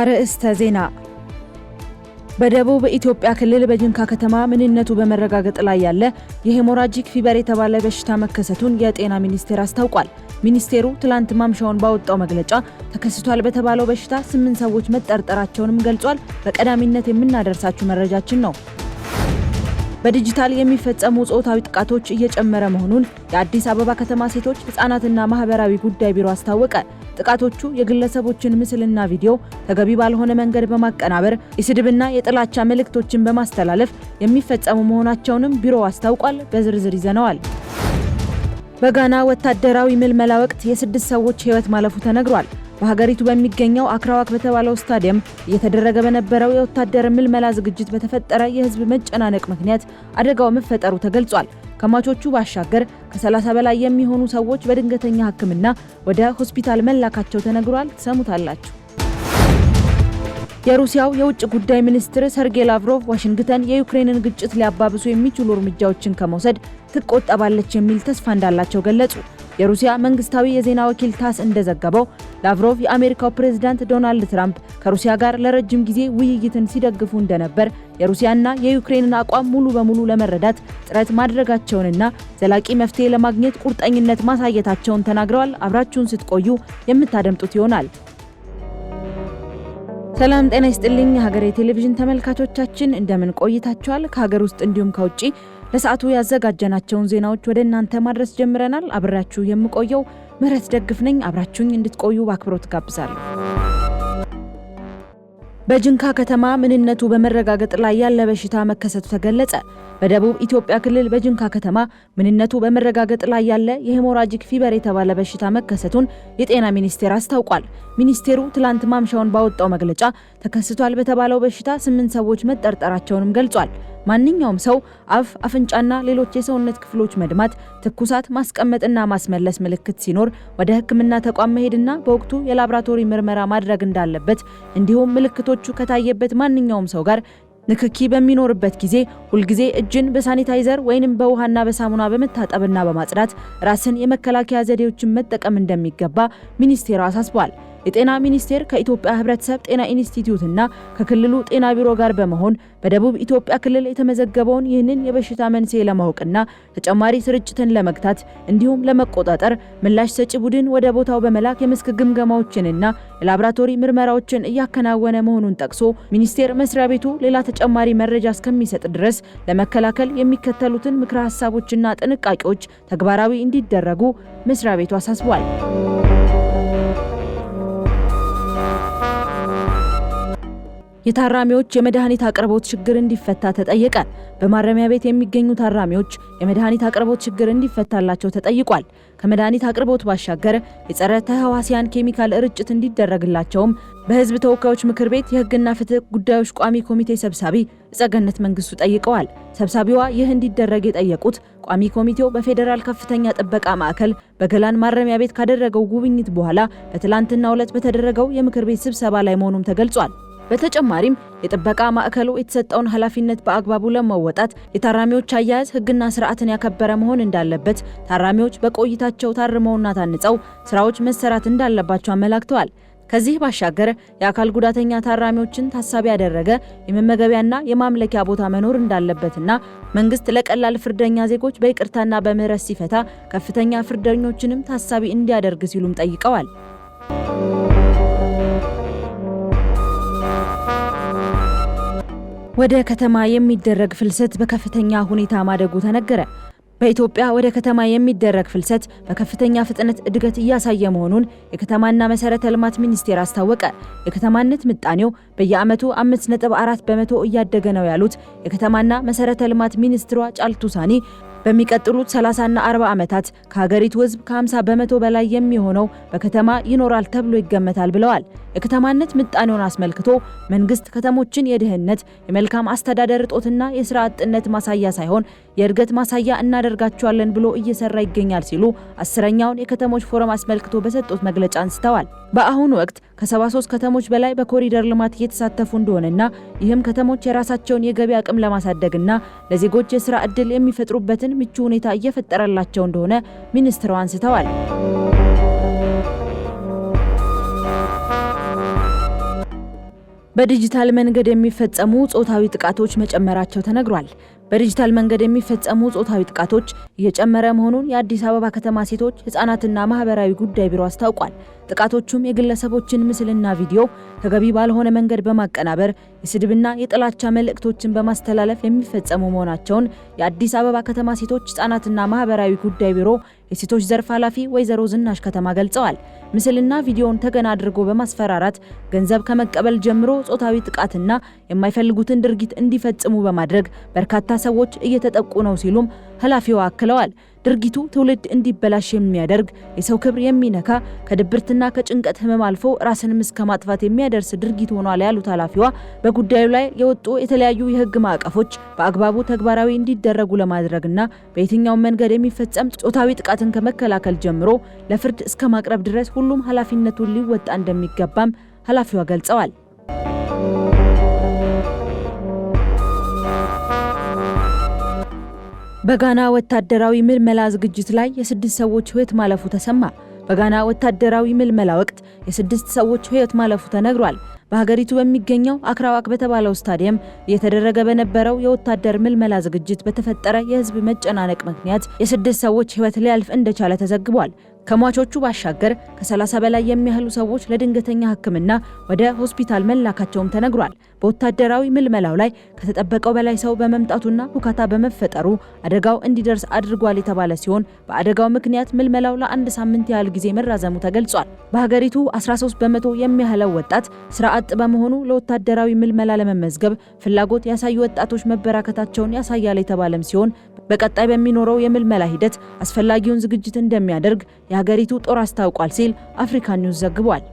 አርዕስተ ዜና። በደቡብ ኢትዮጵያ ክልል በጅንካ ከተማ ምንነቱ በመረጋገጥ ላይ ያለ የሄሞራጂክ ፊበር የተባለ በሽታ መከሰቱን የጤና ሚኒስቴር አስታውቋል። ሚኒስቴሩ ትላንት ማምሻውን ባወጣው መግለጫ ተከስቷል በተባለው በሽታ ስምንት ሰዎች መጠርጠራቸውንም ገልጿል። በቀዳሚነት የምናደርሳችሁ መረጃችን ነው። በዲጂታል የሚፈጸሙ ጾታዊ ጥቃቶች እየጨመረ መሆኑን የአዲስ አበባ ከተማ ሴቶች ሕፃናትና ማህበራዊ ጉዳይ ቢሮ አስታወቀ። ጥቃቶቹ የግለሰቦችን ምስልና ቪዲዮ ተገቢ ባልሆነ መንገድ በማቀናበር የስድብና የጥላቻ መልእክቶችን በማስተላለፍ የሚፈጸሙ መሆናቸውንም ቢሮው አስታውቋል። በዝርዝር ይዘነዋል። በጋና ወታደራዊ ምልመላ ወቅት የስድስት ሰዎች ሕይወት ማለፉ ተነግሯል። በሀገሪቱ በሚገኘው አክራዋክ በተባለው ስታዲየም እየተደረገ በነበረው የወታደር ምልመላ ዝግጅት በተፈጠረ የህዝብ መጨናነቅ ምክንያት አደጋው መፈጠሩ ተገልጿል። ከሟቾቹ ባሻገር ከ30 በላይ የሚሆኑ ሰዎች በድንገተኛ ሕክምና ወደ ሆስፒታል መላካቸው ተነግሯል። ትሰሙታላችሁ። የሩሲያው የውጭ ጉዳይ ሚኒስትር ሰርጌይ ላቭሮቭ ዋሽንግተን የዩክሬንን ግጭት ሊያባብሱ የሚችሉ እርምጃዎችን ከመውሰድ ትቆጠባለች የሚል ተስፋ እንዳላቸው ገለጹ። የሩሲያ መንግስታዊ የዜና ወኪል ታስ እንደዘገበው ላቭሮቭ የአሜሪካው ፕሬዝዳንት ዶናልድ ትራምፕ ከሩሲያ ጋር ለረጅም ጊዜ ውይይትን ሲደግፉ እንደነበር የሩሲያና የዩክሬንን አቋም ሙሉ በሙሉ ለመረዳት ጥረት ማድረጋቸውንና ዘላቂ መፍትሄ ለማግኘት ቁርጠኝነት ማሳየታቸውን ተናግረዋል። አብራችሁን ስትቆዩ የምታደምጡት ይሆናል። ሰላም ጤና ይስጥልኝ። የሀገሬ ቴሌቪዥን ተመልካቾቻችን እንደምን ቆይታችኋል? ከሀገር ውስጥ እንዲሁም ከውጭ ለሰዓቱ ያዘጋጀናቸውን ዜናዎች ወደ እናንተ ማድረስ ጀምረናል። አብራችሁ የምቆየው ምህረት ደግፍ ነኝ። አብራችሁኝ እንድትቆዩ በአክብሮት ጋብዛለሁ። በጅንካ ከተማ ምንነቱ በመረጋገጥ ላይ ያለ በሽታ መከሰቱ ተገለጸ። በደቡብ ኢትዮጵያ ክልል በጅንካ ከተማ ምንነቱ በመረጋገጥ ላይ ያለ የሄሞራጂክ ፊበር የተባለ በሽታ መከሰቱን የጤና ሚኒስቴር አስታውቋል። ሚኒስቴሩ ትላንት ማምሻውን ባወጣው መግለጫ ተከስቷል በተባለው በሽታ ስምንት ሰዎች መጠርጠራቸውንም ገልጿል። ማንኛውም ሰው አፍ፣ አፍንጫና ሌሎች የሰውነት ክፍሎች መድማት፣ ትኩሳት፣ ማስቀመጥና ማስመለስ ምልክት ሲኖር ወደ ሕክምና ተቋም መሄድና በወቅቱ የላብራቶሪ ምርመራ ማድረግ እንዳለበት እንዲሁም ምልክቶቹ ከታየበት ማንኛውም ሰው ጋር ንክኪ በሚኖርበት ጊዜ ሁልጊዜ እጅን በሳኒታይዘር ወይንም በውሃና በሳሙና በመታጠብና በማጽዳት ራስን የመከላከያ ዘዴዎችን መጠቀም እንደሚገባ ሚኒስቴሩ አሳስቧል። የጤና ሚኒስቴር ከኢትዮጵያ ህብረተሰብ ጤና ኢንስቲትዩትና ከክልሉ ጤና ቢሮ ጋር በመሆን በደቡብ ኢትዮጵያ ክልል የተመዘገበውን ይህንን የበሽታ መንስኤ ለማወቅና ተጨማሪ ስርጭትን ለመግታት እንዲሁም ለመቆጣጠር ምላሽ ሰጪ ቡድን ወደ ቦታው በመላክ የመስክ ግምገማዎችንና የላብራቶሪ ምርመራዎችን እያከናወነ መሆኑን ጠቅሶ ሚኒስቴር መስሪያ ቤቱ ሌላ ተጨማሪ መረጃ እስከሚሰጥ ድረስ ለመከላከል የሚከተሉትን ምክረ ሀሳቦችና ጥንቃቄዎች ተግባራዊ እንዲደረጉ መስሪያ ቤቱ አሳስቧል። የታራሚዎች የመድኃኒት አቅርቦት ችግር እንዲፈታ ተጠየቀ። በማረሚያ ቤት የሚገኙ ታራሚዎች የመድኃኒት አቅርቦት ችግር እንዲፈታላቸው ተጠይቋል። ከመድኃኒት አቅርቦት ባሻገር የጸረ ተህዋሲያን ኬሚካል ርጭት እንዲደረግላቸውም በህዝብ ተወካዮች ምክር ቤት የህግና ፍትህ ጉዳዮች ቋሚ ኮሚቴ ሰብሳቢ እጸገነት መንግስቱ ጠይቀዋል። ሰብሳቢዋ ይህ እንዲደረግ የጠየቁት ቋሚ ኮሚቴው በፌዴራል ከፍተኛ ጥበቃ ማዕከል በገላን ማረሚያ ቤት ካደረገው ጉብኝት በኋላ በትላንትናው ዕለት በተደረገው የምክር ቤት ስብሰባ ላይ መሆኑም ተገልጿል። በተጨማሪም የጥበቃ ማዕከሉ የተሰጠውን ኃላፊነት በአግባቡ ለመወጣት የታራሚዎች አያያዝ ሕግና ስርዓትን ያከበረ መሆን እንዳለበት፣ ታራሚዎች በቆይታቸው ታርመውና ታንጸው ስራዎች መሰራት እንዳለባቸው አመላክተዋል። ከዚህ ባሻገር የአካል ጉዳተኛ ታራሚዎችን ታሳቢ ያደረገ የመመገቢያና የማምለኪያ ቦታ መኖር እንዳለበትና መንግስት ለቀላል ፍርደኛ ዜጎች በይቅርታና በምህረት ሲፈታ ከፍተኛ ፍርደኞችንም ታሳቢ እንዲያደርግ ሲሉም ጠይቀዋል። ወደ ከተማ የሚደረግ ፍልሰት በከፍተኛ ሁኔታ ማደጉ ተነገረ። በኢትዮጵያ ወደ ከተማ የሚደረግ ፍልሰት በከፍተኛ ፍጥነት እድገት እያሳየ መሆኑን የከተማና መሰረተ ልማት ሚኒስቴር አስታወቀ። የከተማነት ምጣኔው በየዓመቱ 5.4 በመቶ እያደገ ነው ያሉት የከተማና መሰረተ ልማት ሚኒስትሯ ጫልቱ ሳኒ በሚቀጥሉት 30ና 40 ዓመታት ከሀገሪቱ ህዝብ ከ50 በመቶ በላይ የሚሆነው በከተማ ይኖራል ተብሎ ይገመታል ብለዋል። የከተማነት ምጣኔውን አስመልክቶ መንግስት ከተሞችን የድህነት የመልካም አስተዳደር እጦትና የስራ አጥነት ማሳያ ሳይሆን የእድገት ማሳያ እናደርጋቸዋለን ብሎ እየሰራ ይገኛል ሲሉ አስረኛውን የከተሞች ፎረም አስመልክቶ በሰጡት መግለጫ አንስተዋል። በአሁኑ ወቅት ከ73 ከተሞች በላይ በኮሪደር ልማት እየተሳተፉ እንደሆነና ይህም ከተሞች የራሳቸውን የገቢ አቅም ለማሳደግና ለዜጎች የስራ ዕድል የሚፈጥሩበትን ምቹ ሁኔታ እየፈጠረላቸው እንደሆነ ሚኒስትሩ አንስተዋል። በዲጂታል መንገድ የሚፈጸሙ ጾታዊ ጥቃቶች መጨመራቸው ተነግሯል። በዲጂታል መንገድ የሚፈጸሙ ጾታዊ ጥቃቶች እየጨመረ መሆኑን የአዲስ አበባ ከተማ ሴቶች ህጻናትና ማህበራዊ ጉዳይ ቢሮ አስታውቋል። ጥቃቶቹም የግለሰቦችን ምስልና ቪዲዮ ተገቢ ባልሆነ መንገድ በማቀናበር የስድብና የጥላቻ መልእክቶችን በማስተላለፍ የሚፈጸሙ መሆናቸውን የአዲስ አበባ ከተማ ሴቶች ህጻናትና ማህበራዊ ጉዳይ ቢሮ የሴቶች ዘርፍ ኃላፊ ወይዘሮ ዝናሽ ከተማ ገልጸዋል። ምስልና ቪዲዮውን ተገና አድርጎ በማስፈራራት ገንዘብ ከመቀበል ጀምሮ ጾታዊ ጥቃትና የማይፈልጉትን ድርጊት እንዲፈጽሙ በማድረግ በርካታ ሰዎች እየተጠቁ ነው ሲሉም ኃላፊዋ አክለዋል። ድርጊቱ ትውልድ እንዲበላሽ የሚያደርግ የሰው ክብር የሚነካ ከድብርትና ከጭንቀት ህመም አልፎ ራስንም እስከ ማጥፋት የሚያደርስ ድርጊት ሆኗል ያሉት ኃላፊዋ በጉዳዩ ላይ የወጡ የተለያዩ የህግ ማዕቀፎች በአግባቡ ተግባራዊ እንዲደረጉ ለማድረግና በየትኛውም መንገድ የሚፈጸም ጾታዊ ጥቃትን ከመከላከል ጀምሮ ለፍርድ እስከ ማቅረብ ድረስ ሁሉም ኃላፊነቱን ሊወጣ እንደሚገባም ኃላፊዋ ገልጸዋል። በጋና ወታደራዊ ምልመላ ዝግጅት ላይ የስድስት ሰዎች ህይወት ማለፉ ተሰማ። በጋና ወታደራዊ ምልመላ ወቅት የስድስት ሰዎች ህይወት ማለፉ ተነግሯል። በሀገሪቱ በሚገኘው አክራዋክ በተባለው ስታዲየም እየተደረገ በነበረው የወታደር ምልመላ ዝግጅት በተፈጠረ የህዝብ መጨናነቅ ምክንያት የስድስት ሰዎች ህይወት ሊያልፍ እንደቻለ ተዘግቧል። ከሟቾቹ ባሻገር ከ30 በላይ የሚያህሉ ሰዎች ለድንገተኛ ሕክምና ወደ ሆስፒታል መላካቸውም ተነግሯል። በወታደራዊ ምልመላው ላይ ከተጠበቀው በላይ ሰው በመምጣቱና ሁካታ በመፈጠሩ አደጋው እንዲደርስ አድርጓል የተባለ ሲሆን በአደጋው ምክንያት ምልመላው ለአንድ ሳምንት ያህል ጊዜ መራዘሙ ተገልጿል። በሀገሪቱ 13 በመቶ የሚያህለው ወጣት ስራ አጥ በመሆኑ ለወታደራዊ ምልመላ ለመመዝገብ ፍላጎት ያሳዩ ወጣቶች መበራከታቸውን ያሳያል የተባለም ሲሆን በቀጣይ በሚኖረው የምልመላ ሂደት አስፈላጊውን ዝግጅት እንደሚያደርግ የሀገሪቱ ጦር አስታውቋል ሲል አፍሪካ ኒውስ ዘግቧል።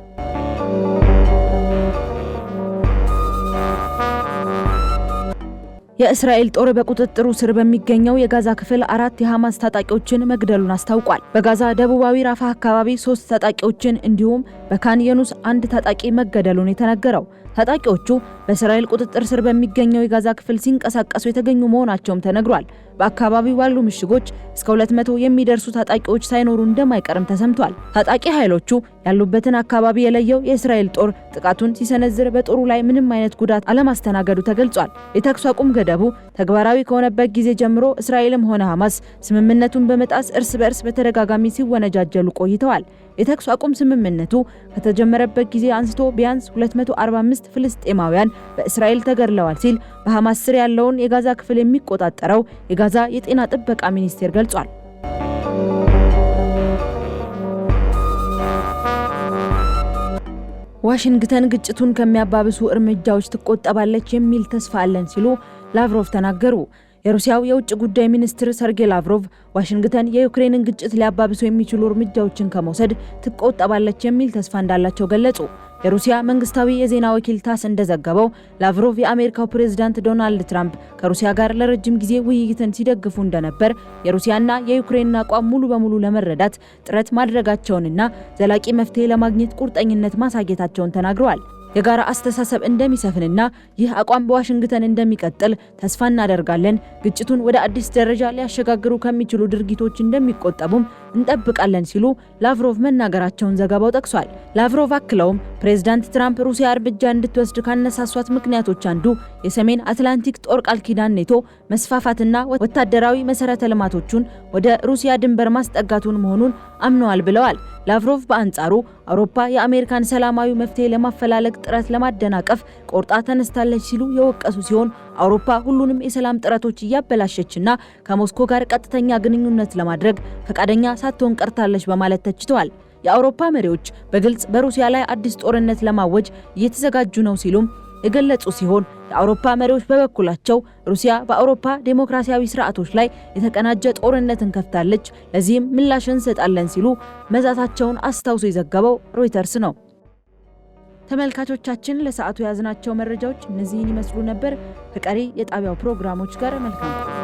የእስራኤል ጦር በቁጥጥሩ ስር በሚገኘው የጋዛ ክፍል አራት የሐማስ ታጣቂዎችን መግደሉን አስታውቋል። በጋዛ ደቡባዊ ራፋ አካባቢ ሶስት ታጣቂዎችን እንዲሁም በካንየኑስ አንድ ታጣቂ መገደሉን የተነገረው ታጣቂዎቹ በእስራኤል ቁጥጥር ስር በሚገኘው የጋዛ ክፍል ሲንቀሳቀሱ የተገኙ መሆናቸውም ተነግሯል። በአካባቢው ባሉ ምሽጎች እስከ 200 የሚደርሱ ታጣቂዎች ሳይኖሩ እንደማይቀርም ተሰምቷል። ታጣቂ ኃይሎቹ ያሉበትን አካባቢ የለየው የእስራኤል ጦር ጥቃቱን ሲሰነዝር በጦሩ ላይ ምንም አይነት ጉዳት አለማስተናገዱ ተገልጿል። የተኩስ አቁም ገደቡ ተግባራዊ ከሆነበት ጊዜ ጀምሮ እስራኤልም ሆነ ሐማስ ስምምነቱን በመጣስ እርስ በእርስ በተደጋጋሚ ሲወነጃጀሉ ቆይተዋል። የተኩስ አቁም ስምምነቱ ከተጀመረበት ጊዜ አንስቶ ቢያንስ 245 ፍልስጤማውያን በእስራኤል ተገድለዋል ሲል በሐማስ ስር ያለውን የጋዛ ክፍል የሚቆጣጠረው የጋዛ የጤና ጥበቃ ሚኒስቴር ገልጿል። ዋሽንግተን ግጭቱን ከሚያባብሱ እርምጃዎች ትቆጠባለች የሚል ተስፋ አለን ሲሉ ላቭሮቭ ተናገሩ። የሩሲያው የውጭ ጉዳይ ሚኒስትር ሰርጌይ ላቭሮቭ ዋሽንግተን የዩክሬንን ግጭት ሊያባብሰው የሚችሉ እርምጃዎችን ከመውሰድ ትቆጠባለች የሚል ተስፋ እንዳላቸው ገለጹ። የሩሲያ መንግስታዊ የዜና ወኪል ታስ እንደዘገበው ላቭሮቭ የአሜሪካው ፕሬዝዳንት ዶናልድ ትራምፕ ከሩሲያ ጋር ለረጅም ጊዜ ውይይትን ሲደግፉ እንደነበር የሩሲያና የዩክሬንን አቋም ሙሉ በሙሉ ለመረዳት ጥረት ማድረጋቸውንና ዘላቂ መፍትሄ ለማግኘት ቁርጠኝነት ማሳየታቸውን ተናግረዋል። የጋራ አስተሳሰብ እንደሚሰፍንና ይህ አቋም በዋሽንግተን እንደሚቀጥል ተስፋ እናደርጋለን። ግጭቱን ወደ አዲስ ደረጃ ሊያሸጋግሩ ከሚችሉ ድርጊቶች እንደሚቆጠቡም እንጠብቃለን ሲሉ ላቭሮቭ መናገራቸውን ዘገባው ጠቅሷል። ላቭሮቭ አክለውም ፕሬዝዳንት ትራምፕ ሩሲያ እርምጃ እንድትወስድ ካነሳሷት ምክንያቶች አንዱ የሰሜን አትላንቲክ ጦር ቃል ኪዳን ኔቶ መስፋፋትና ወታደራዊ መሰረተ ልማቶቹን ወደ ሩሲያ ድንበር ማስጠጋቱን መሆኑን አምነዋል ብለዋል። ላቭሮቭ በአንጻሩ አውሮፓ የአሜሪካን ሰላማዊ መፍትሄ ለማፈላለግ ጥረት ለማደናቀፍ ቆርጣ ተነስታለች ሲሉ የወቀሱ ሲሆን አውሮፓ ሁሉንም የሰላም ጥረቶች እያበላሸችና ከሞስኮ ጋር ቀጥተኛ ግንኙነት ለማድረግ ፈቃደኛ ሳትሆን ቀርታለች በማለት ተችተዋል። የአውሮፓ መሪዎች በግልጽ በሩሲያ ላይ አዲስ ጦርነት ለማወጅ እየተዘጋጁ ነው ሲሉም የገለጹ ሲሆን የአውሮፓ መሪዎች በበኩላቸው ሩሲያ በአውሮፓ ዴሞክራሲያዊ ስርዓቶች ላይ የተቀናጀ ጦርነትን ከፍታለች፣ ለዚህም ምላሽ እንሰጣለን ሲሉ መዛታቸውን አስታውሶ የዘገበው ሮይተርስ ነው። ተመልካቾቻችን ለሰዓቱ የያዝናቸው መረጃዎች እነዚህን ይመስሉ ነበር። ከቀሪ የጣቢያው ፕሮግራሞች ጋር መልካም